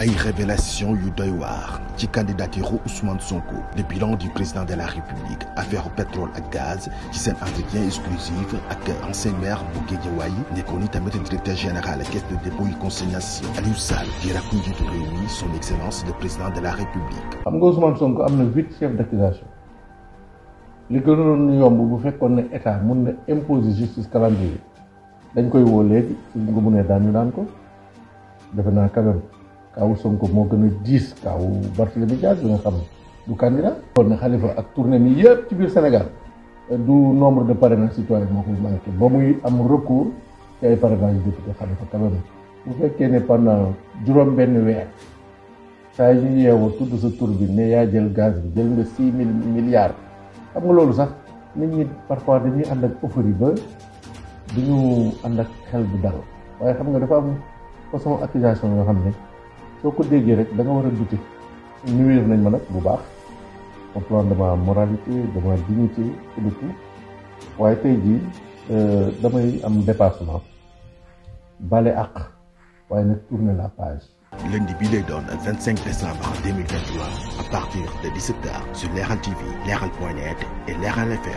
ay révélation yu doy waar ci candidature Ousmane Sonko le bilan du président de la République affaire pétrole ak gaz ci seen entretien exclusif ak ancien maire bu Guédiawaye nekkoon tamit directeur général caisse de dépôt et consignation Aliou Sall di rakku njiitu réew mi son excellence le président de la République. xam nga Ousmane Sonko am na huit d'accusation li gënoon yomb bu fekkoon na état mun na imposer justice calendrier dañ koy woo léegi suñ ko ñu daan ko defe naa quand kaawu Sonko moo gën a diis kaawu Barthélémy Dias bi nga xam du candidat kon ne Khalifa ak tournée mi yëpp ci biir Sénégal du nombre de pare na citoyen moo koy manqué ba muy am recours ci ay parrainage député Khalifa quand même bu fekkee ne pendant juróom benn weer saa yi ñu yeewoo tudd sa tur bi ne yaa jël gaz bi jël nga six mille milliards xam nga loolu sax nit ñi parfois dañuy ànd ak euphorie ba duñu ànd ak xel bu dal waaye xam nga dafa am façon accusation yoo xam ne soo ko déggee rek da nga war a douter nuire nañ ma nag bu baax au plan de ma moralité de ma dignité et waaye tey jii euh, damay am dépassement bale àq waaye nag tourner la page. lundi bi lay doon 25 décembre 2023 à partir de 17h sur Leral TV, Leral.net et Leral FM.